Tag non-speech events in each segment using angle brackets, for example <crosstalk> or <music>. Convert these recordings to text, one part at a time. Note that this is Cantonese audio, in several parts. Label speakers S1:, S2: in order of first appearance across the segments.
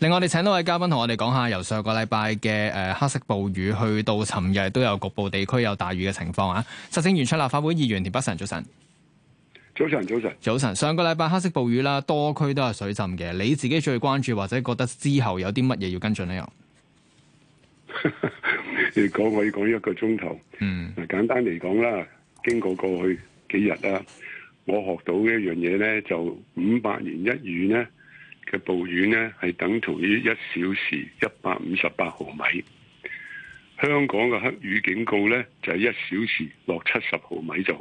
S1: 另外，我哋請多位嘉賓同我哋講下，由上個禮拜嘅誒黑色暴雨，去到尋日都有局部地區有大雨嘅情況啊！實政圓桌立法會議員田北辰，早晨，
S2: 早晨，早晨，早晨，
S1: 早晨。上個禮拜黑色暴雨啦，多區都係水浸嘅。你自己最關注或者覺得之後有啲乜嘢要跟進呢？又，
S2: 如果我要講一個鐘頭，嗯，簡單嚟講啦，經過過去幾日啦，我學到嘅一樣嘢呢，就五百年一遇呢。嘅暴雨呢，係等同於一小時一百五十八毫米。香港嘅黑雨警告呢，就係一小時落七十毫米就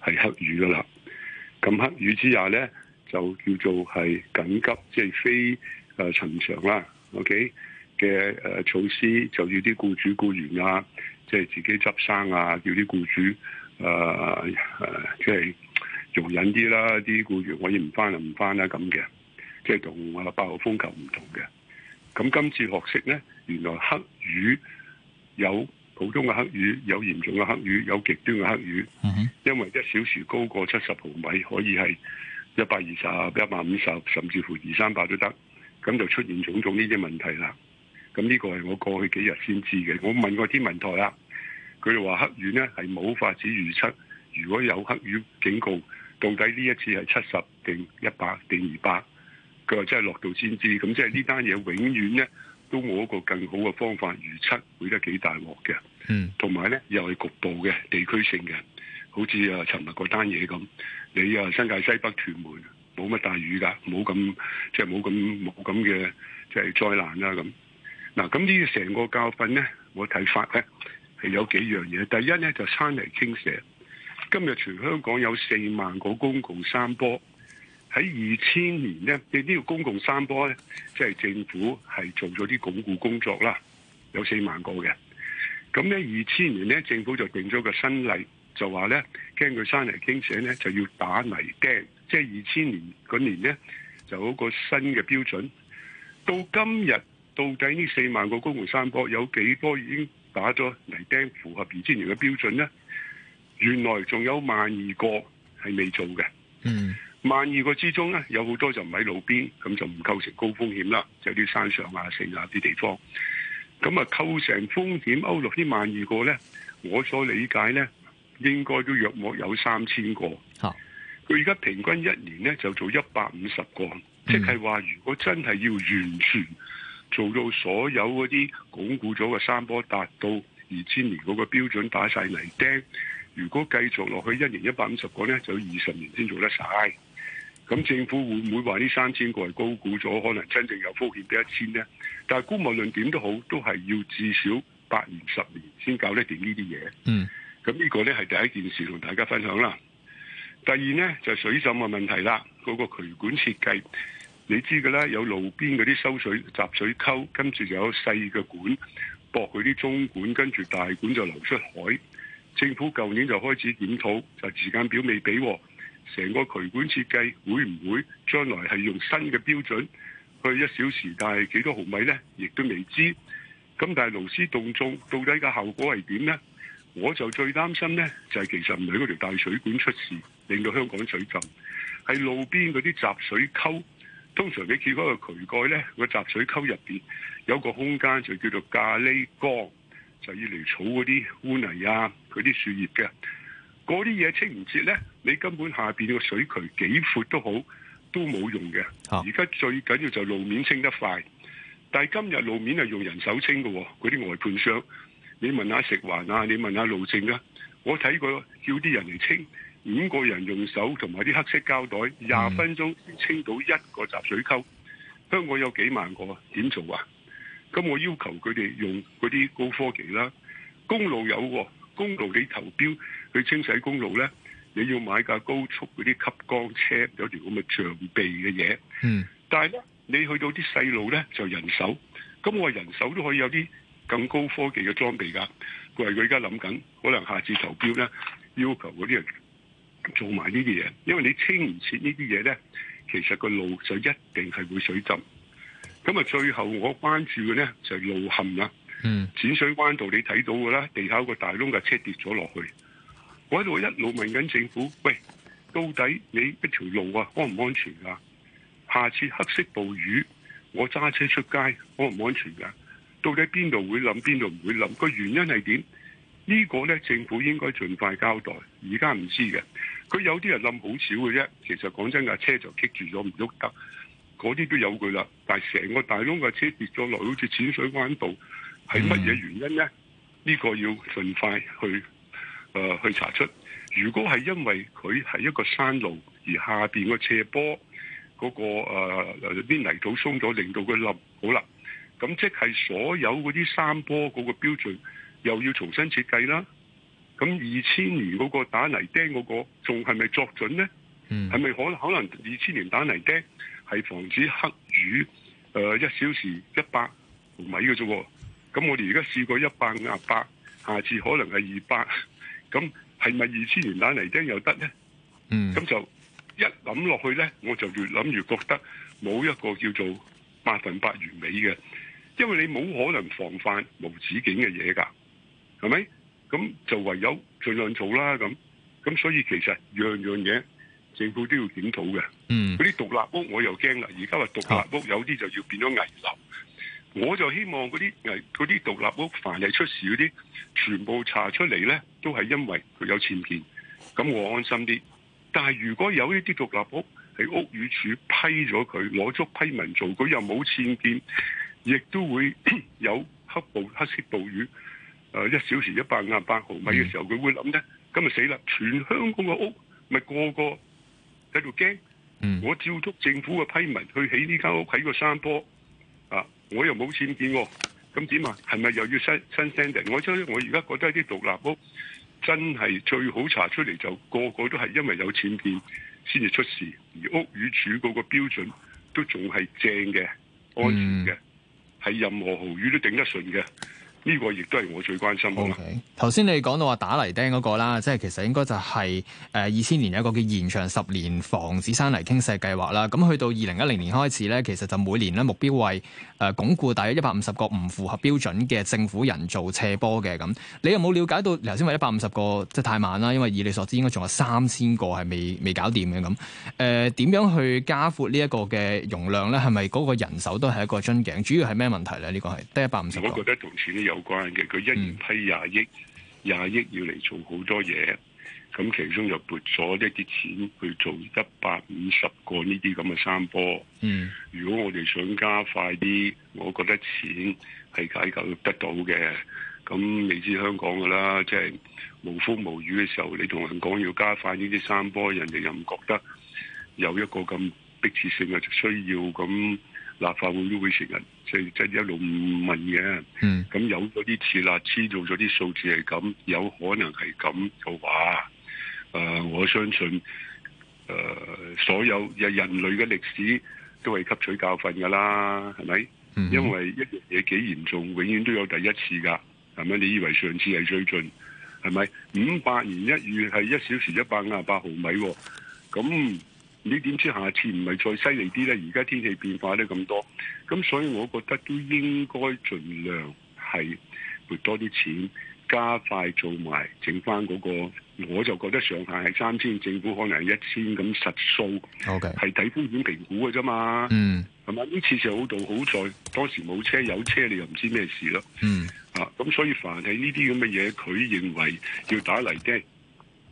S2: 係黑雨噶啦。咁黑雨之下呢，就叫做係緊急，即係非誒尋常啦。OK 嘅措施，就要啲僱主僱員啊，即係自己執生啊，叫啲僱主誒即係容忍啲啦，啲僱員可以唔翻就唔翻啦咁嘅。即係同阿八號風球唔同嘅。咁今次學識呢，原來黑雨有普通嘅黑雨，有嚴重嘅黑雨，有極端嘅黑雨，因為一小時高過七十毫米，可以係一百二十、一百五十，甚至乎二三百都得。咁就出現種種呢啲問題啦。咁呢個係我過去幾日先知嘅。我問過天文台啦，佢哋話黑雨呢係冇法子預測。如果有黑雨警告，到底呢一次係七十定一百定二百？佢話真係落到先知，咁即係呢單嘢永遠咧都冇一個更好嘅方法預測會得幾大鑊嘅。嗯，同埋咧又係局部嘅、地區性嘅，好似啊尋日嗰單嘢咁，你啊新界西北屯門冇乜大雨㗎，冇咁即係冇咁冇咁嘅即係災難啦、啊、咁。嗱，咁呢成個教訓咧，我睇法咧係有幾樣嘢。第一咧就是，山泥傾瀉，今日全香港有四萬個公共山坡。喺二千年呢，你、這、呢個公共山坡呢，即係政府係做咗啲鞏固工作啦，有四萬個嘅。咁呢二千年呢，政府就定咗個新例，就話呢，驚佢山泥傾瀉呢，就要打泥釘。即係二千年嗰年呢，就嗰、有、個新嘅標準。到今日，到底呢四萬個公共山坡有幾多已經打咗泥釘，符合二千年嘅標準呢？原來仲有萬二個係未做嘅。嗯。萬二個之中咧，有好多就唔喺路邊，咁就唔構成高風險啦。就啲、是、山上啊、城呀啲地方，咁啊構成風險，歐陸啲萬二個咧，我所理解咧，應該都約莫有三千個。嚇，佢而家平均一年咧就做一百五十個，即係話如果真係要完全做到所有嗰啲鞏固咗嘅山坡達到二千年嗰個標準，打晒泥釘，如果繼續落去一年一百五十個咧，就要二十年先做得晒。咁政府會唔會話呢三千個係高估咗？可能真正有風險得一千呢？但估無論點都好，都係要至少八年十年先搞得掂呢啲嘢。嗯。咁呢個呢係第一件事同大家分享啦。第二呢，就係水浸嘅問題啦，嗰個渠管設計，你知嘅啦，有路邊嗰啲收水集水溝，跟住就有細嘅管，駁佢啲中管，跟住大管就流出海。政府舊年就開始檢討，就時間表未俾。成個渠管設計會唔會將來係用新嘅標準去一小時，但係幾多毫米呢？亦都未知。咁但係勞師動眾，到底個效果係點呢？我就最擔心呢，就係、是、其實唔係嗰條大水管出事，令到香港水浸，係路邊嗰啲集水溝。通常你見嗰個渠蓋呢，個集水溝入面有個空間就叫做咖喱缸，就要嚟儲嗰啲污泥啊，嗰啲樹葉嘅嗰啲嘢清唔切呢？你根本下邊個水渠幾闊都好，都冇用嘅。而家最緊要就路面清得快，但係今日路面係用人手清嘅喎，嗰啲外判商。你問下食環啊，你問下路政啊，我睇過叫啲人嚟清，五個人用手同埋啲黑色膠袋，廿分鐘清到一個集水溝，香港有幾萬個啊，點做啊？咁我要求佢哋用嗰啲高科技啦。公路有喎、啊，公路你投標去清洗公路咧？你要買架高速嗰啲吸光車，有條咁嘅象鼻嘅嘢。嗯。但係咧，你去到啲細路咧就人手。咁我人手都可以有啲咁高科技嘅裝備㗎。佢係佢而家諗緊，可能下次投標咧要求嗰啲人做埋呢啲嘢。因為你清唔切呢啲嘢咧，其實個路就一定係會水浸。咁啊，最後我關注嘅咧就係路陷啦。嗯。淺水灣道你睇到㗎啦，地下個大窿，架車跌咗落去。我喺度一路問緊政府，喂，到底你一條路啊，安唔安全㗎？下次黑色暴雨，我揸車出街，安唔安全㗎？到底邊度會冧，邊度唔會冧？個原因係點？呢個呢，政府應該盡快交代。而家唔知嘅，佢有啲人冧好少嘅啫。其實講真，架車就棘住咗，唔喐得。嗰啲都有佢啦，但係成個大窿架車跌咗落好似淺水灣道，係乜嘢原因呢？呢個要盡快去。.誒，去查出，如果係因為佢係一個山路，而下邊個斜坡嗰、那個誒，啲、呃、泥土鬆咗，令到佢冧，好啦，咁即係所有嗰啲山坡嗰個標準又要重新設計啦。咁二千年嗰個打泥釘嗰個仲係咪作準呢？嗯，係咪可可能二千年打泥釘係防止黑雨？誒、呃，一小時一百毫米嘅啫喎。咁我哋而家試過一百五十八，下次可能係二百。咁係咪二千年蛋嚟聽又得呢？咁、mm. 就一諗落去呢，我就越諗越覺得冇一個叫做百分百完美嘅，因為你冇可能防範無止境嘅嘢㗎，係咪？咁就唯有儘量做啦。咁咁所以其實樣樣嘢政府都要檢討嘅。嗯，嗰啲獨立屋我又驚啦，而家話獨立屋有啲就要變咗危樓。我就希望嗰啲啲獨立屋，凡係出事嗰啲，全部查出嚟呢都係因為佢有僭建，咁我安心啲。但係如果有呢啲獨立屋喺屋宇署批咗佢，攞足批文做，佢又冇僭建亦都會有黑暴、黑色暴雨，誒，一小時一百廿八毫米嘅時候，佢、嗯、會諗呢咁咪死啦！全香港嘅屋咪個個喺度驚。嗯、我照足政府嘅批文去起呢間屋，喺個山坡。我又冇潛建喎，咁點啊？係咪、啊、又要新新 standing？我我而家覺得啲獨立屋真係最好查出嚟，就個個都係因為有潛建先至出事，而屋宇署嗰個標準都仲係正嘅、安全嘅，係、嗯、任何豪雨都頂得順嘅。呢個亦都係我最關心
S1: 嘅。頭先、okay. 你講到話打泥釘嗰個啦，即係其實應該就係誒二千年有一個叫延長十年防止山泥傾瀉計劃啦。咁去到二零一零年開始咧，其實就每年咧目標為誒鞏、呃、固大約一百五十個唔符合標準嘅政府人造斜坡嘅咁。你有冇了解到頭先話一百五十個即係太慢啦？因為以你所知應該仲有三千個係未未搞掂嘅咁。誒點、呃、樣去加闊呢一個嘅容量咧？係咪嗰個人手都係一個樽頸？主要係咩問題咧？呢、這個係得一百五十我覺得
S2: 同有關嘅，佢一年批廿億，廿億要嚟做好多嘢，咁其中就撥咗一啲錢去做一百五十個呢啲咁嘅山坡。嗯、如果我哋想加快啲，我覺得錢係解決得到嘅。咁你知香港噶啦，即係無風無雨嘅時候，你同人講要加快呢啲山坡，人哋又唔覺得有一個咁迫切性嘅需要咁。立法會都會成日即係即係一路不問嘢，咁、嗯、有咗啲次啦，知道咗啲數字係咁，有可能係咁嘅話，誒、呃、我相信誒、呃、所有人人類嘅歷史都係吸取教訓㗎啦，係咪？嗯、哼因為一嘢幾嚴重，永遠都有第一次㗎，係咪？你以為上次係最盡，係咪？五百年一遇係一小時一百五十八毫米喎、哦，咁。你點知下次唔係再犀利啲咧？而家天氣變化咧咁多，咁所以我覺得都應該儘量係撥多啲錢，加快做埋整翻嗰個。我就覺得上限係三千，政府可能係一千咁實數。OK. 係睇風險評估嘅啫嘛。嗯、mm.，係嘛？呢次就好到好在當時冇車，有車你又唔知咩事咯。嗯、mm. 啊，啊咁所以凡係呢啲咁嘅嘢，佢認為要打嚟啫。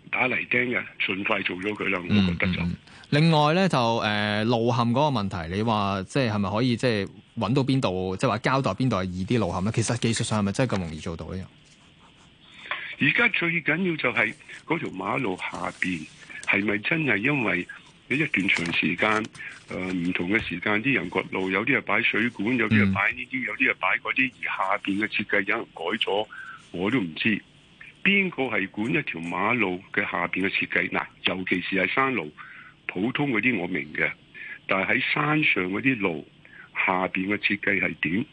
S2: 打嚟釘嘅，順快做咗佢啦，我覺得就、嗯嗯嗯。
S1: 另外咧就誒、呃、路陷嗰個問題，你話即係係咪可以即係揾到邊度，即係話交代邊度二啲路陷咧？其實技術上係咪真係咁容易做到咧？
S2: 而家最緊要就係、是、嗰條馬路下邊係咪真係因為一一段長時間誒唔、呃、同嘅時間啲人掘路，有啲係擺水管，有啲係擺呢啲，有啲係擺嗰啲，而下邊嘅設計有人改咗，我都唔知道。邊個係管一條馬路嘅下邊嘅設計嗱？尤其是係山路，普通嗰啲我明嘅，但係喺山上嗰啲路下邊嘅設計係點？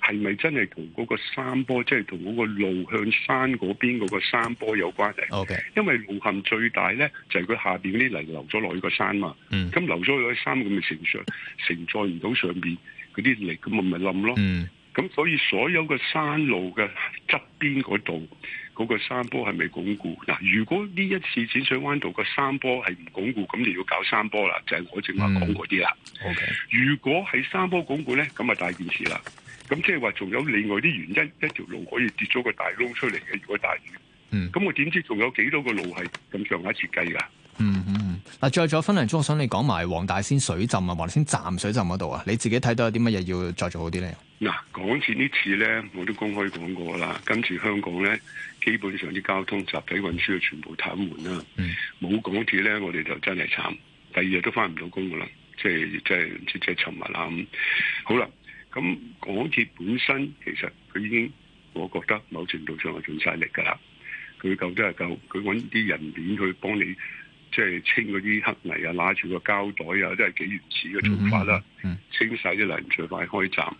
S2: 係咪真係同嗰個山坡，即係同嗰個路向山嗰邊嗰個山坡有關係？Okay. 因為路陷最大呢，就係、是、佢下邊嗰啲泥流咗落去個山嘛。咁、mm. 流咗落去個山咁，咪承上承載唔到上邊嗰啲泥，咁咪咪冧咯。Mm. 咁所以所有嘅山路嘅側邊嗰度嗰個山坡係咪鞏固嗱？如果呢一次淺水灣道個山坡係唔鞏固，咁你要搞山坡啦，就係、是、我正話講嗰啲啦。O K、嗯。Okay 如果係山坡鞏固咧，咁啊大件事啦。咁即係話仲有另外啲原因，一條路可以跌咗個大窿出嚟嘅。如果大雨，嗯，咁我點知仲有幾多個路係咁上下設計㗎？
S1: 嗯嗯，嗱，再再分兩鐘，我想你講埋黃大仙水浸啊，黃大仙站水浸嗰度啊，你自己睇到有啲乜嘢要再做好啲咧？
S2: 嗱，啊，港鐵呢次咧，我都公開講過啦，今次香港咧，基本上啲交通集體運輸全部癱瘓啦，冇，嗯，港鐵咧，我哋就真係慘，第二日都返唔到工噶啦，即係即係即係沉默啦咁。好啦，咁，嗯，港鐵本身其實佢已經，我覺得某程度上係盡晒力噶啦，佢夠都係夠，佢搵啲人面去幫你。即係清嗰啲黑泥啊，拿住個膠袋啊，都係幾原始嘅做法啦。Mm hmm. mm hmm. 清晒啲泥最快開閘。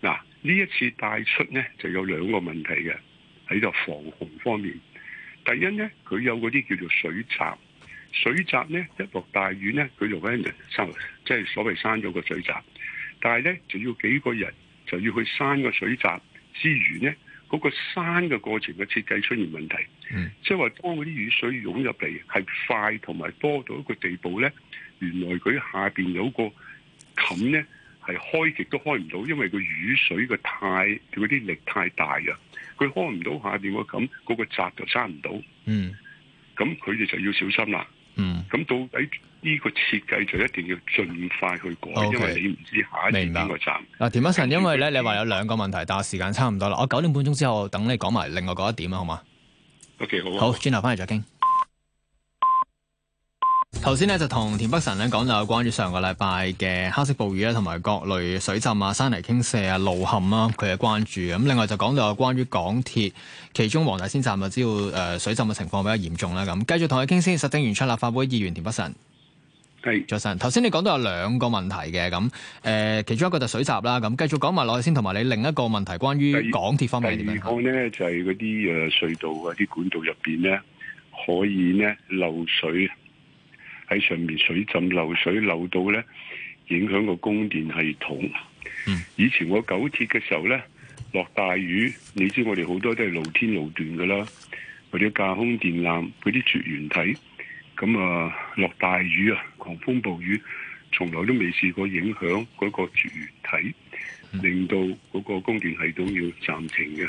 S2: 嗱，呢一次帶出呢就有兩個問題嘅，喺度防洪方面。第一呢，佢有嗰啲叫做水閘，水閘呢，一落大雨呢，佢就揾人即係所謂閂咗個水閘。但係呢，就要幾個人就要去閂個水閘，之餘呢。嗰個山嘅過程嘅設計出現問題，即係話當嗰啲雨水湧入嚟係快同埋多到一個地步咧，原來佢下邊有個冚咧係開極都開唔到，因為個雨水嘅太啲力太大啊，佢開唔到下邊個冚，嗰個閘就閂唔到。嗯，咁佢哋就要小心啦。嗯，咁到底。呢個設計就一定要盡快去改，Okay 因為你唔知下一個
S1: 站。嗱，田北辰，因為咧，你話有兩個問題，但係時間差唔多啦。我九點半鐘之後等你講埋另外嗰一點嗎 okay，啊，好嘛
S2: ？OK，好。好，
S1: 轉頭翻嚟再傾。頭 <noise> 先聲呢，就同田北辰咧，講，就關於上個禮拜嘅黑色暴雨咧，同埋各類水浸啊、山泥傾瀉啊、路陷啦，佢嘅關注咁。另外就講到啊，關於港鐵其中黃大仙站啊，只要誒水浸嘅情況比較嚴重啦。咁繼續同佢傾先，實政圓桌立法會議員田北辰。係，早晨是，頭先你講到有兩個問題嘅，咁誒，其中一個就是水閘啦，咁繼續講埋落去先，同埋你另一個問題關於，關於港鐵方面點樣？
S2: 第二個咧就係嗰啲誒隧道啊，啲管道入邊咧可以咧漏水，喺上面水浸漏水漏到咧影響個供電系統。嗯，以前我九鐵嘅時候咧落大雨，你知我哋好多都係露天路段噶啦，或者架空電纜嗰啲絕緣體。咁啊，落大雨啊，狂風暴雨，從來都未試過影響嗰個絕緣體，令到嗰個供電系統要暫停嘅。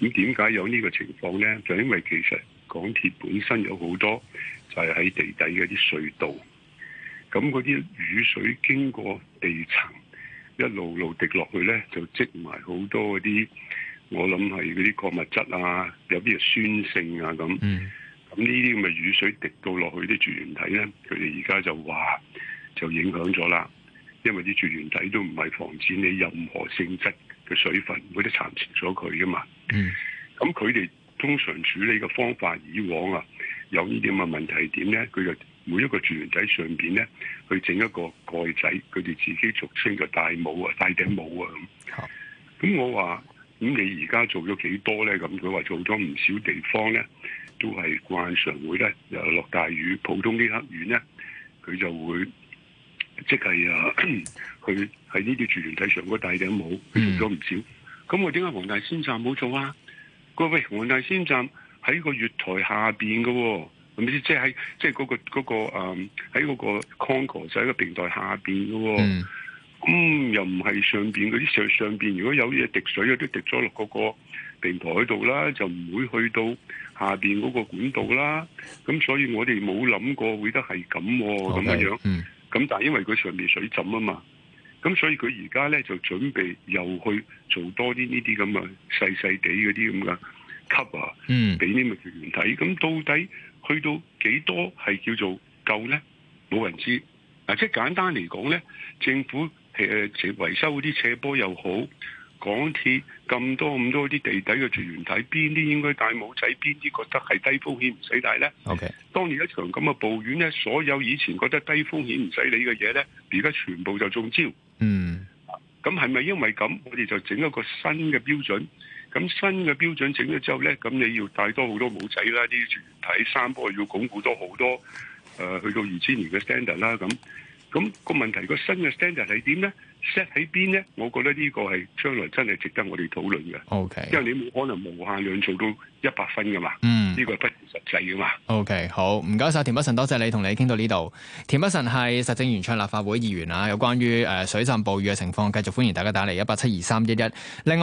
S2: 咁點解有呢個情況呢？就因為其實港鐵本身有好多就係喺地底嗰啲隧道，咁嗰啲雨水經過地層，一路路滴落去呢，就積埋好多嗰啲，我諗係嗰啲礦物質啊，有啲酸性啊咁。呢啲咁嘅雨水滴到落去啲住園體咧，佢哋而家就話就影響咗啦，因為啲住園體都唔係防止你任何性質嘅水分，會啲殘存咗佢㗎嘛。嗯，咁佢哋通常處理嘅方法，以往啊有呢啲咁嘅問題點咧，佢就每一個住園體上面咧，去整一個蓋仔，佢哋自己俗稱嘅大帽啊、大頂帽啊咁。咁我話，咁你而家做咗幾多咧？咁佢話做咗唔少地方咧。都係慣常會咧，又落大雨，普通啲黑雨咧，佢就會即係啊，佢喺呢啲柱樑睇上個大頂帽，佢做咗唔少。咁、嗯、我點解黃大仙站冇做啊？個喂，黃大仙站喺個月台下邊嘅喎，即係喺即係嗰個嗰、嗰個喺嗰、嗰個 concourse 喺個平台下邊嘅喎。咁、嗯嗯、又唔係上邊嗰啲上上邊，如果有嘢滴水，有啲滴咗落嗰個平台度啦，就唔會去到。下邊嗰個管道啦，咁所以我哋冇諗過會得係咁咁樣，咁 Okay .、mm. 但係因為佢上面水浸啊嘛，咁所以佢而家咧就準備又去做多啲呢啲咁嘅細細地嗰啲咁嘅吸啊，俾啲物業員睇，咁到底去到幾多係叫做夠咧？冇人知，即係簡單嚟講咧，政府係維修嗰啲斜坡又好。港鐵咁多咁多啲地底嘅絕緣體，邊啲應該戴帽仔？邊啲覺得係低風險唔使戴呢？Okay. 當然，一場咁嘅暴雨呢，所有以前覺得低風險唔使理嘅嘢呢，而家全部就中招。嗯，咁係咪因為咁我哋就整一個新嘅標準？咁新嘅標準整咗之後呢，咁你要帶多好多帽仔啦？啲絕緣體山坡要鞏固多好多誒、呃，去到二千年嘅 standard 啦。咁咁個問題個新嘅 standard 係點呢？set 喺邊呢？我覺得呢個係將來真係值得我哋討論嘅。OK，因為你冇可能無限量做到一百分噶嘛。嗯，呢個係不切實際噶嘛。
S1: OK，好，唔該晒。田北辰，多謝你同你傾到呢度。田北辰係實政圓桌立法會議員啊，有關於、呃、水浸暴雨嘅情況，繼續歡迎大家打嚟一八七二三一一。另